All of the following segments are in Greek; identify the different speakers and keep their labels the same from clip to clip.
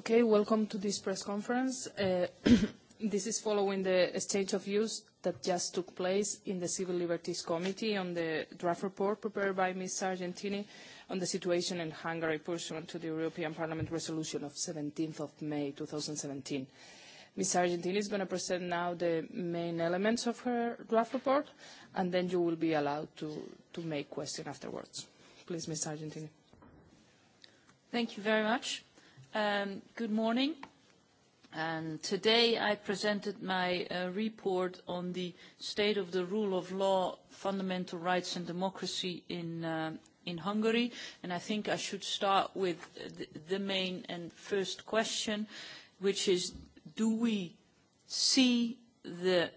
Speaker 1: Okay, welcome to this press conference. This is following the exchange of views that just took place in the Civil Liberties Committee on the draft report prepared by Ms. Sargentini on the situation in Hungary pursuant to the European Parliament resolution of 17th of May 2017. Ms. Sargentini is going to present now the main elements of her draft report, and then you will be allowed to make questions afterwards. Please, Ms. Sargentini.
Speaker 2: Thank you very much. Good morning. Today I presented my report on the state of the rule of law, fundamental rights and democracy in Hungary. And I think I should start with the main and first question, which is, do we see the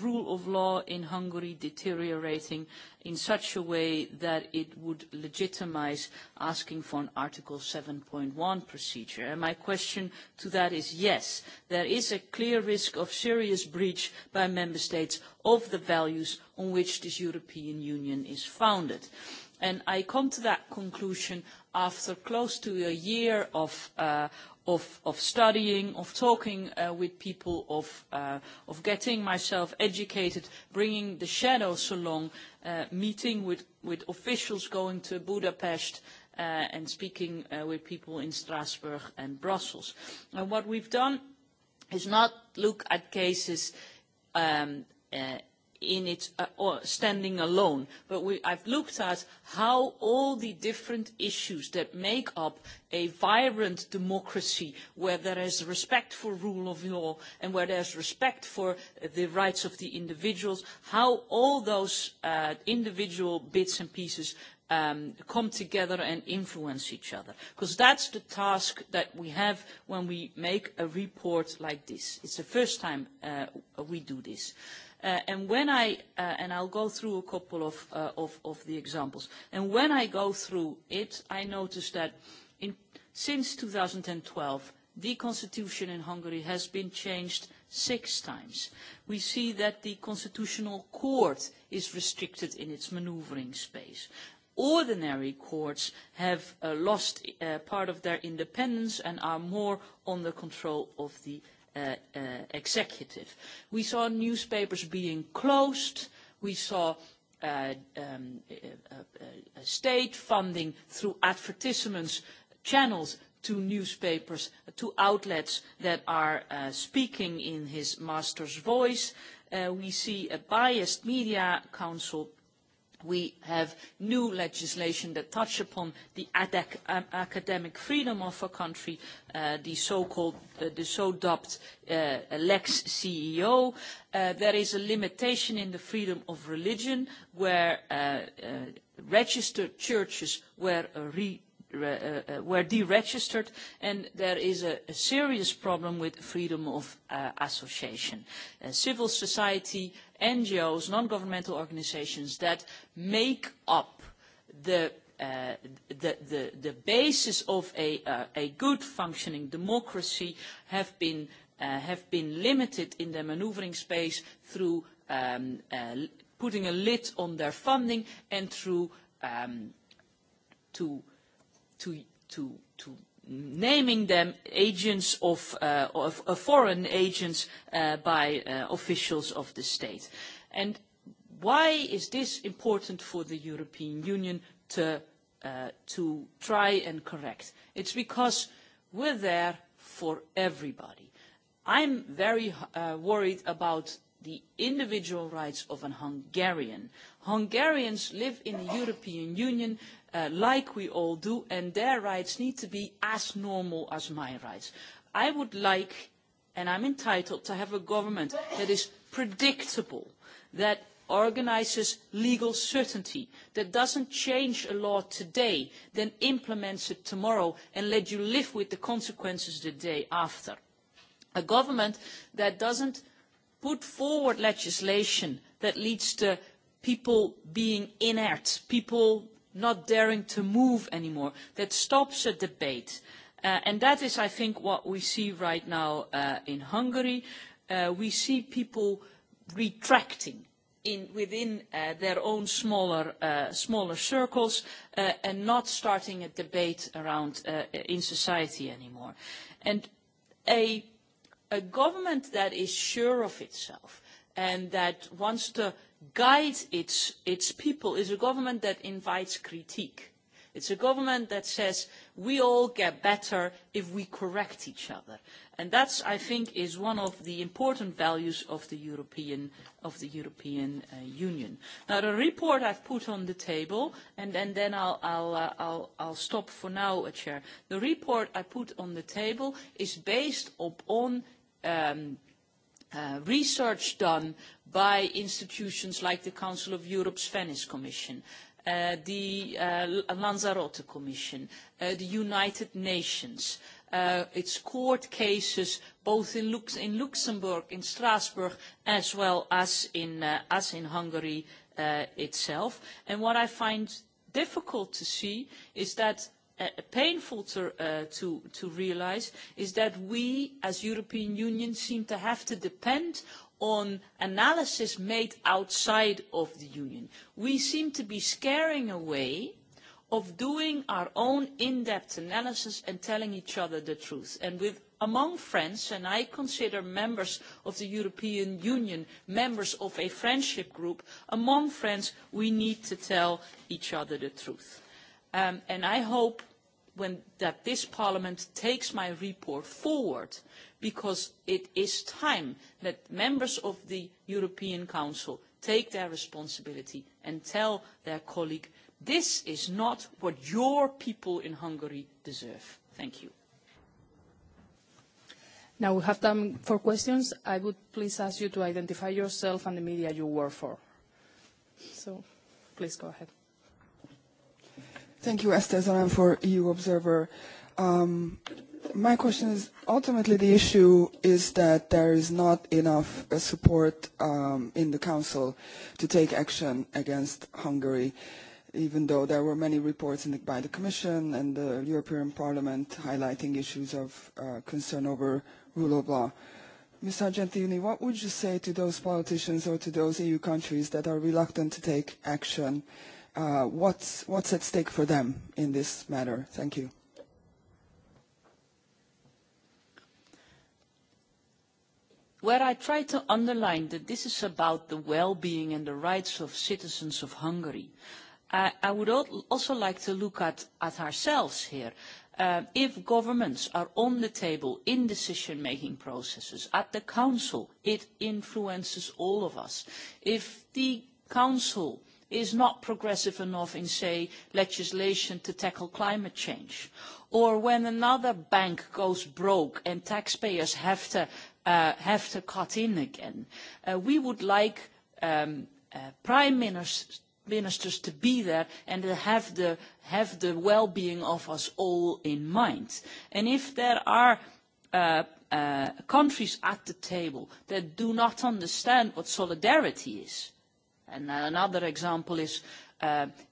Speaker 2: rule of law in Hungary deteriorating in such a way that it would legitimize asking for an Article 7.1 procedure. And my question to that is yes, there is a clear risk of serious breach by Member States of the values on which this European Union is founded. And I come to that conclusion after close to a year of of studying, of talking with people, of getting myself educated, bringing the shadows along, meeting with officials, going to Budapest and speaking with people in Strasbourg and Brussels. And what we've done is not look at cases in it standing alone, but have looked at how all the different issues that make up a vibrant democracy, where there is respect for rule of law and where there is respect for the rights of the individuals, how all those individual bits and pieces come together and influence each other. Because that's the task that we have when we make a report like this. It's the first time we do this. And when I, and I'll go through a couple of the examples. And when I go through it, I notice that since 2012, the constitution in Hungary has been changed six times. We see that the constitutional court is restricted in its manoeuvring space ordinary courts have lost part of their independence and are more under the control of the executive. We saw newspapers being closed. We saw state funding through advertisements channels to newspapers, to outlets that are speaking in his master's voice. We see a biased media council We have new legislation that touch upon the academic freedom of a country, the so-called, the so-dubbed Lex CEO. There is a limitation in the freedom of religion where registered churches were re were deregistered and there is a serious problem with freedom of association. Civil society, NGOs, non-governmental organizations that make up the the basis of a good functioning democracy have been have been limited in their maneuvering space through putting a lid on their funding and through to to to naming them agents of foreign agents by officials of the state. And why is this important for the European Union to to try and correct? It's because we're there for everybody. I'm very worried about the individual rights of a Hungarian. Hungarians live in the European Union like we all do, and their rights need to be as normal as my rights. I would like, and I'm entitled, to have a government that is predictable, that organises legal certainty, that doesn't change a law today, then implements it tomorrow, and let you live with the consequences the day after. A government that doesn't put forward legislation that leads to people being inert, people not daring to move anymore, that stops a debate. And that is, I think, what we see right now in Hungary. We see people retracting within their own smaller circles and not starting a debate around in society anymore. And a a government that is sure of itself and that wants to guide its its people is a government that invites critique. It's a government that says we all get better if we correct each other. And that, I think, is one of the important values of the European Union. Now, the report I've put on the table, and then I'll stop for now, Chair. The report I put on the table is based upon research done by institutions like the Council of Europe's Venice Commission, the Lanzarote Commission, the United Nations, its court cases both in Luxembourg, in Strasbourg, as well as in Hungary itself. And what I find difficult to see is that painful to realise is that we as European Union seem to have to depend on analysis made outside of the Union. We seem to be scaring away of doing our own in-depth analysis and telling each other the truth. And with among friends, and I consider members of the European Union members of a friendship group, among friends we need to tell each other the truth. And I hope that this Parliament takes my report forward, because it is time that members of the European Council take their responsibility and tell their colleague, this is not what your people in Hungary deserve. Thank you.
Speaker 1: Now we have time for questions. I would please ask you to identify yourself and the media you work for. So please go ahead. Thank you, Esther Zoran, for EU Observer. Um, my question is, ultimately the issue is that there is not enough support um, in the Council to take action against Hungary, even though there were many reports by the Commission and the European Parliament highlighting issues of uh, concern over rule of law. Ms. Argentini, what would you say to those politicians or to those EU countries that are reluctant to take action what's at stake for them in this matter. Thank you.
Speaker 2: Where I try to underline that this is about the well-being and the rights of citizens of Hungary, I would also like to look at ourselves here. If governments are on the table in decision-making processes at the Council, it influences all of us. If the Council is not progressive enough in, say, legislation to tackle climate change. Or when another bank goes broke and taxpayers have to cut in again. We would like prime ministers to be there and have the well-being of us all in mind. And if there are countries at the table that do not understand what solidarity is, another example is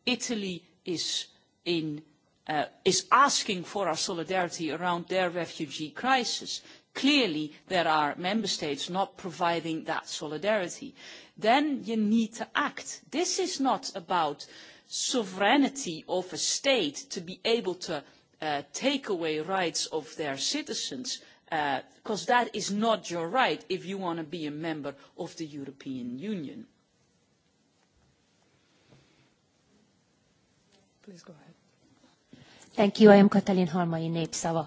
Speaker 2: Italy is asking for our solidarity around their refugee crisis. Clearly, there are member states not providing that solidarity. Then you need to act. This is not about sovereignty of a state to be able to take away rights of their citizens, because that is not your right if you want to be a member of the European Union. Please go ahead.
Speaker 3: Thank you. I am Katalin Harmai, Népszava.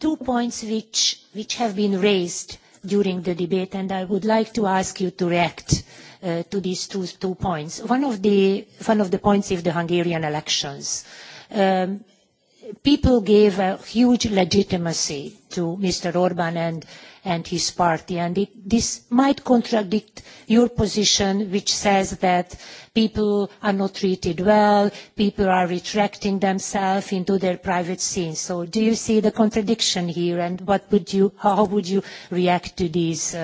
Speaker 3: Two points which which have been raised during the debate, and I would like to ask you to react to these two points. One of the points is the Hungarian elections people gave a huge legitimacy to Mr. Orban and his party. And this might contradict your position, which says that people are not treated well, people are retracting themselves into their private scenes. So do you see the contradiction here, and what would you, how would you react to these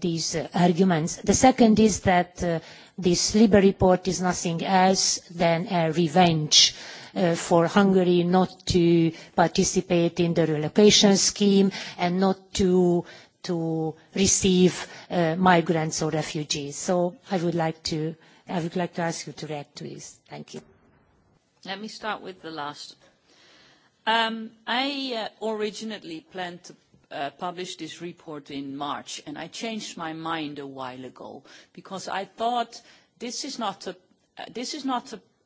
Speaker 3: these arguments? The second is that this Libre report is nothing else than a revenge for Hungary not to participate in the relocation scheme and not to to receive migrants or refugees. So I would like to I would like to ask you to react to this. Thank you.
Speaker 2: Let me start with the last. I originally planned to publish this report in March, and I changed my mind a while ago because I thought this is not a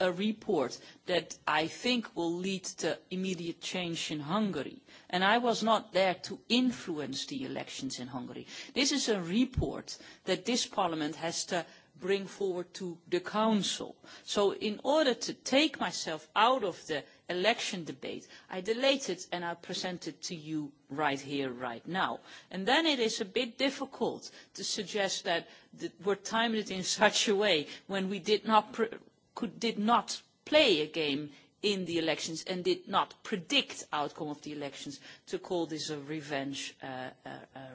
Speaker 2: a report that I think will lead to immediate change in Hungary. And I was not there to influence the elections in Hungary. This is a report that this Parliament has to bring forward to the Council. So in order to take myself out of the election debate, I delayed it and I present it to you right here, right now. And then it is a bit difficult to suggest that we we're timing it in such a way when we did not did not play a game in the elections and did not predict the outcome of the elections to call this a revenge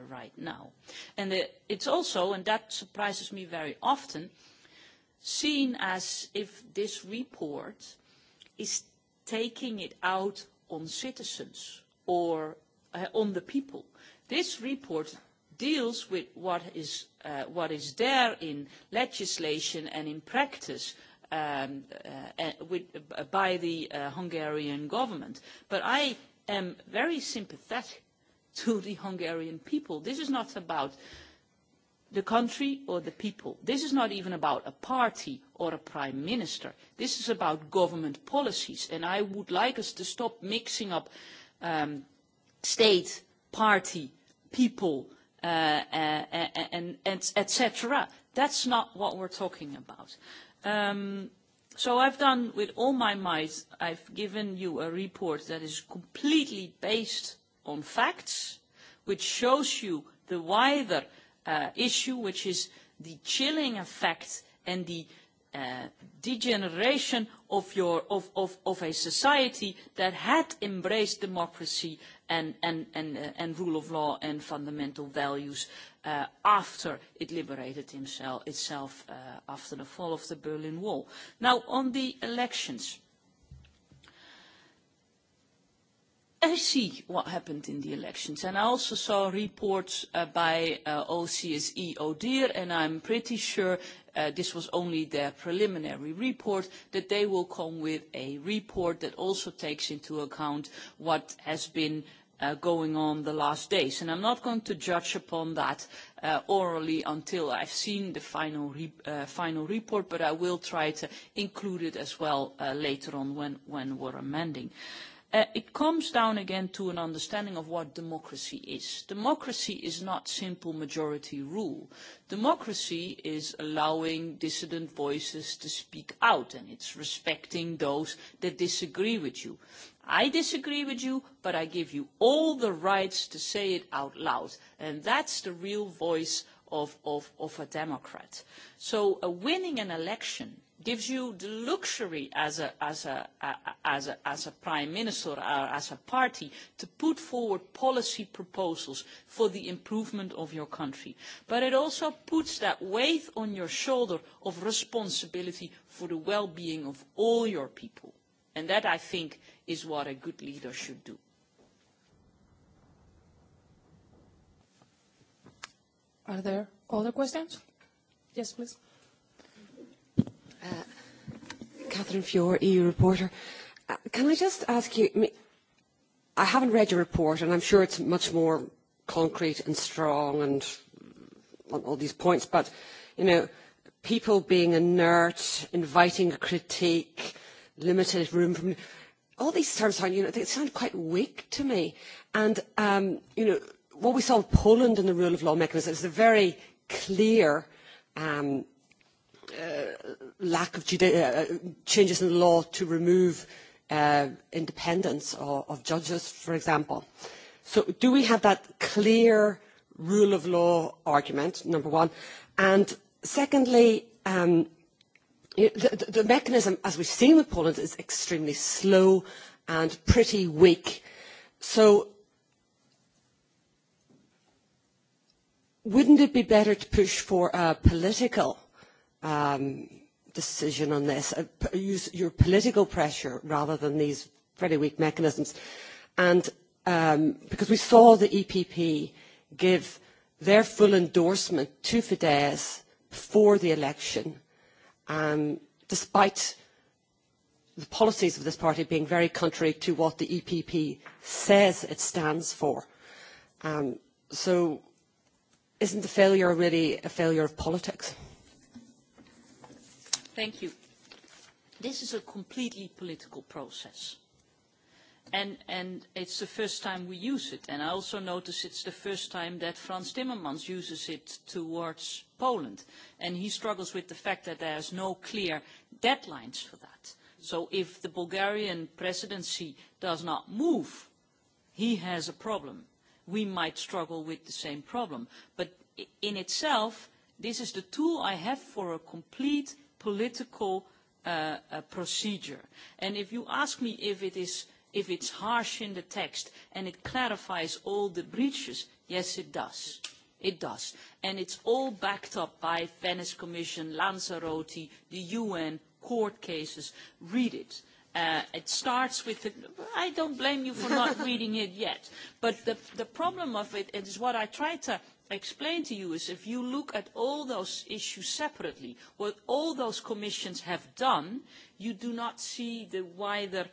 Speaker 2: right now. And it's also, and that surprises me very often, seen as if this report is taking it out on citizens or on the people. This report deals with what is there in legislation and in practice by the Hungarian government. But I am very sympathetic to the Hungarian people. This is not about the country or the people. This is not even about a party or a prime minister. This is about government policies. And I would like us to stop mixing up state, party, people, and etc. That's not what we're talking about. So I've done with all my might, I've given you a report that is completely based on facts, which shows you the wider issue, which is the chilling effect and the degeneration of your of of a society that had embraced democracy and and and rule of law and fundamental values after it liberated itself after the fall of the Berlin Wall. Now on the elections I see what happened in the elections, and I also saw reports by OCSE ODIR, and I'm pretty sure this was only their preliminary report, that they will come with a report that also takes into account what has been going on the last days. And I'm not going to judge upon that orally until I've seen the final report, but I will try to include it as well later on when we're amending. It comes down again to an understanding of what democracy is. Democracy is not simple majority rule. Democracy is allowing dissident voices to speak out, and it's respecting those that disagree with you. I disagree with you, but I give you all the rights to say it out loud, and that's the real voice of a democrat. So winning an election gives you the luxury as a prime minister or as a party to put forward policy proposals for the improvement of your country. But it also puts that weight on your shoulder of responsibility for the well-being of all your people. And that, I think, is what a good leader should do.
Speaker 1: Are there other questions? Yes, please.
Speaker 4: Catherine Fior, EU reporter. Can I just ask you, I haven't read your report, and I'm sure it's much more concrete and strong and on all these points, but, you know, people being inert, inviting critique, limited room for... All these terms sound, you know, they sound quite weak to me. And, you know, what we saw in Poland in the rule of law mechanism is a very clear lack of changes in the law to remove independence of judges, for example. So do we have that clear rule of law argument, number one? And secondly, the mechanism, as we've seen with Poland, is extremely slow and pretty weak. So wouldn't it be better to push for a political decision on this, use your political pressure rather than these very weak mechanisms. And because we saw the EPP give their full endorsement to Fidesz before the election, despite the policies of this party being very contrary to what the EPP says it stands for. So isn't the failure really a failure of politics?
Speaker 2: Thank you. This is a completely political process. And it's the first time we use it. And I also notice it's the first time that Frans Timmermans uses it towards Poland. And he struggles with the fact that there is no clear deadlines for that. So if the Bulgarian presidency does not move, he has a problem. We might struggle with the same problem. But in itself, this is the tool I have for a complete political procedure. And if you ask me if it is if it's harsh in the text and it clarifies all the breaches, yes, it does. It does. And it's all backed up by Venice Commission, Lanzarote, the UN, court cases. Read it. It starts with, I don't blame you for not reading it yet, but the problem of it is what I try to explain to you is if you look at all those issues separately, what all those commissions have done, you do not see the wider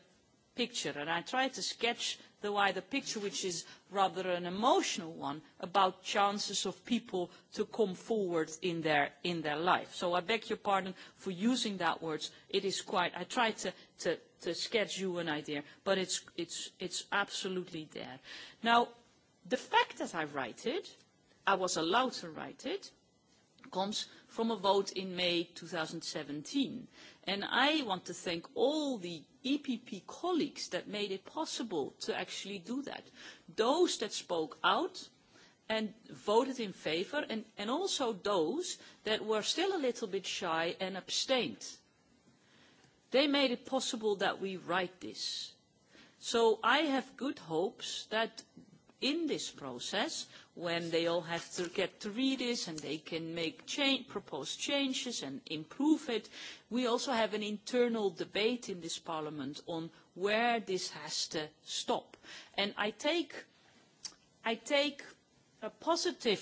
Speaker 2: picture. And I try to sketch the wider picture, which is rather an emotional one, about chances of people to come forward in their in their life. So I beg your pardon for using that word. It is quite. I try to to to sketch you an idea, but it's it's it's absolutely there. Now, the fact that I write it I was allowed to write it, comes from a vote in May 2017. And I want to thank all the EPP colleagues that made it possible to actually do that. Those that spoke out and voted in favour, and also those that were still a little bit shy and abstained. They made it possible that we write this. So I have good hopes that in this process when they all have to get to read this and they can make change, propose changes and improve it. We also have an internal debate in this parliament on where this has to stop. And I take, I take a positive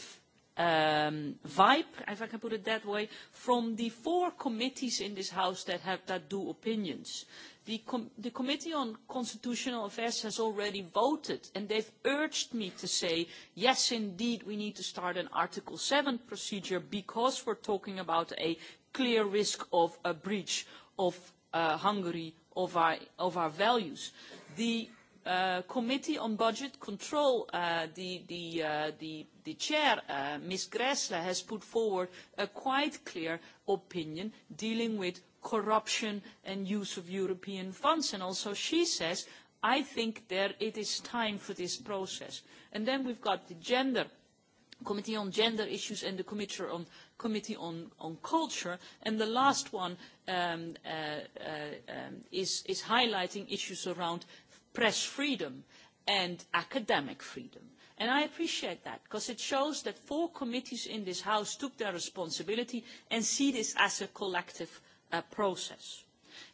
Speaker 2: vibe, if I can put it that way, from the four committees in this House that, have, that do opinions. The Committee on Constitutional Affairs has already voted, and they've urged me to say, yes, indeed, we need to start an Article 7 procedure because we're talking about a clear risk of a breach of Hungary of our values. The Committee on Budget Control, the chair, Ms. Gressler, has put forward a quite clear opinion dealing with corruption and use of European funds. And also she says, I think that it is time for this process. And then we've got the gender Committee on Gender Issues and the Committee on Culture. And the last one is highlighting issues around press freedom and academic freedom. And I appreciate that because it shows that four committees in this House took their responsibility and see this as a collective process.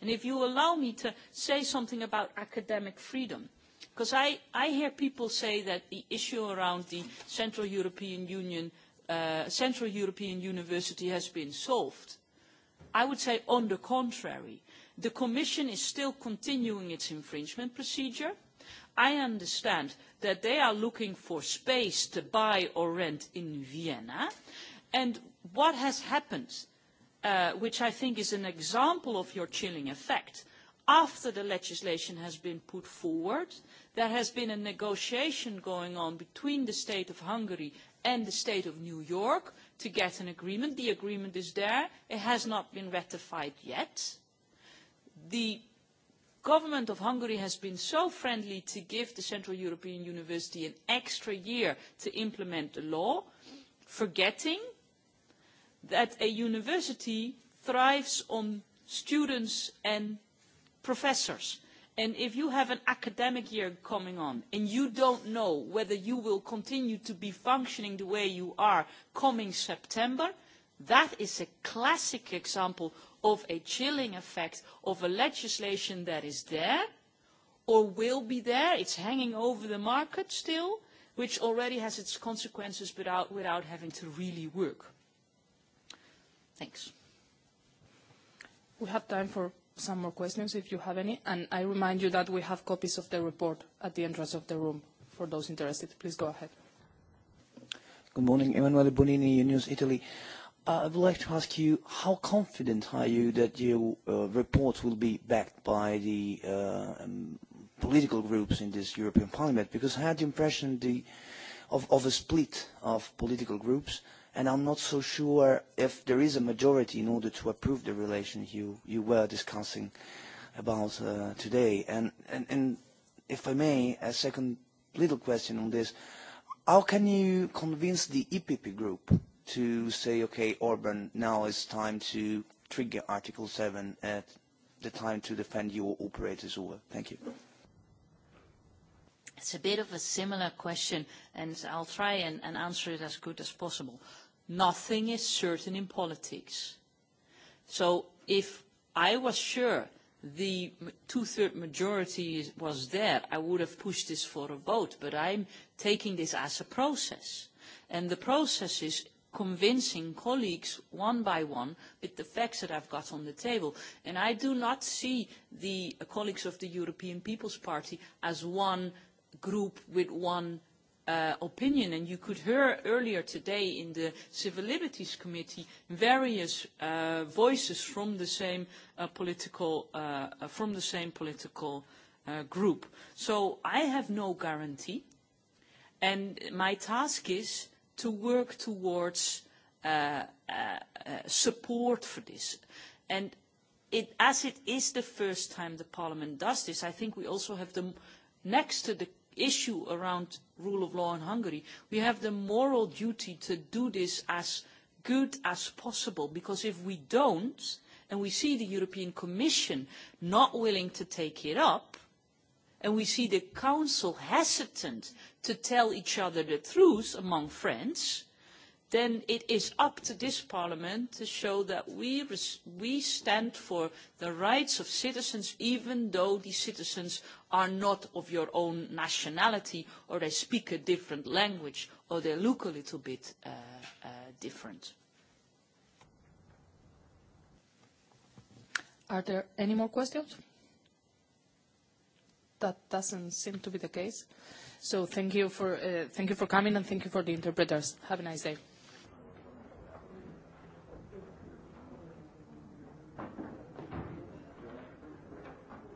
Speaker 2: if you allow me to say something about academic freedom, because I hear people say that the issue around the Central European Union, Central European University has been solved. I would say on the contrary. The Commission is still continuing its infringement procedure. I understand that they are looking for space to buy or rent in Vienna. And what has happened which I think is an example of your chilling effect. After the legislation has been put forward, there has been a negotiation going on between the state of Hungary and the state of New York to get an agreement. The agreement is there. It has not been ratified yet. The government of Hungary has been so friendly to give the Central European University an extra year to implement the law, forgetting that a university thrives on students and professors. And if you have an academic year coming on and you don't know whether you will continue to be functioning the way you are coming September, that is a classic example of a chilling effect of a legislation that is there or will be there. It's hanging over the market still, which already has its consequences without having to really work. Thanks.
Speaker 1: We have time for some more questions if you have any. And I remind you that we have copies of the report at the entrance of the room for those interested. Please go ahead. Good morning. Emanuele Bonini, News Italy. I would like to ask you, how
Speaker 2: confident are you that your report will be backed by the political groups in this European Parliament? Because I had the impression of a split of political groups and I'm not so sure if there is a majority in order to approve the relation you you were discussing about today. And
Speaker 1: if I may, a second little question on this: How can you convince the EPP group to say, okay, Orban, now it's time
Speaker 2: to trigger Article 7 at the time to defend your operators' over. Thank you. It's a bit of a similar question, and I'll try and answer it as good as possible. Nothing is certain in politics. So if I was sure the two-third majority was there, I would have pushed this for a vote, but I'm taking this as a process. And the process is convincing colleagues one by one with the facts that I've got on the table. And I do not see the colleagues of the European People's Party as one group with one opinion and you could hear earlier today in the civil liberties committee various voices from the same political from the same political group so i have no guarantee and my task is to work towards support for this and as it is the first time the parliament does this i think we also have the next to the issue around rule of law in Hungary, we have the moral duty to do this as good as possible, because if we don't, and we see the European Commission not willing to take it up, and we see the Council hesitant to tell each other the truth among friends, then it is up to this parliament to show that we stand for the rights of citizens even though these citizens are not of your own nationality or they speak a different language or they look a little bit different.
Speaker 1: Are there any more questions? That doesn't seem to be the case. So thank you for coming and thank you for the interpreters. Have a nice day.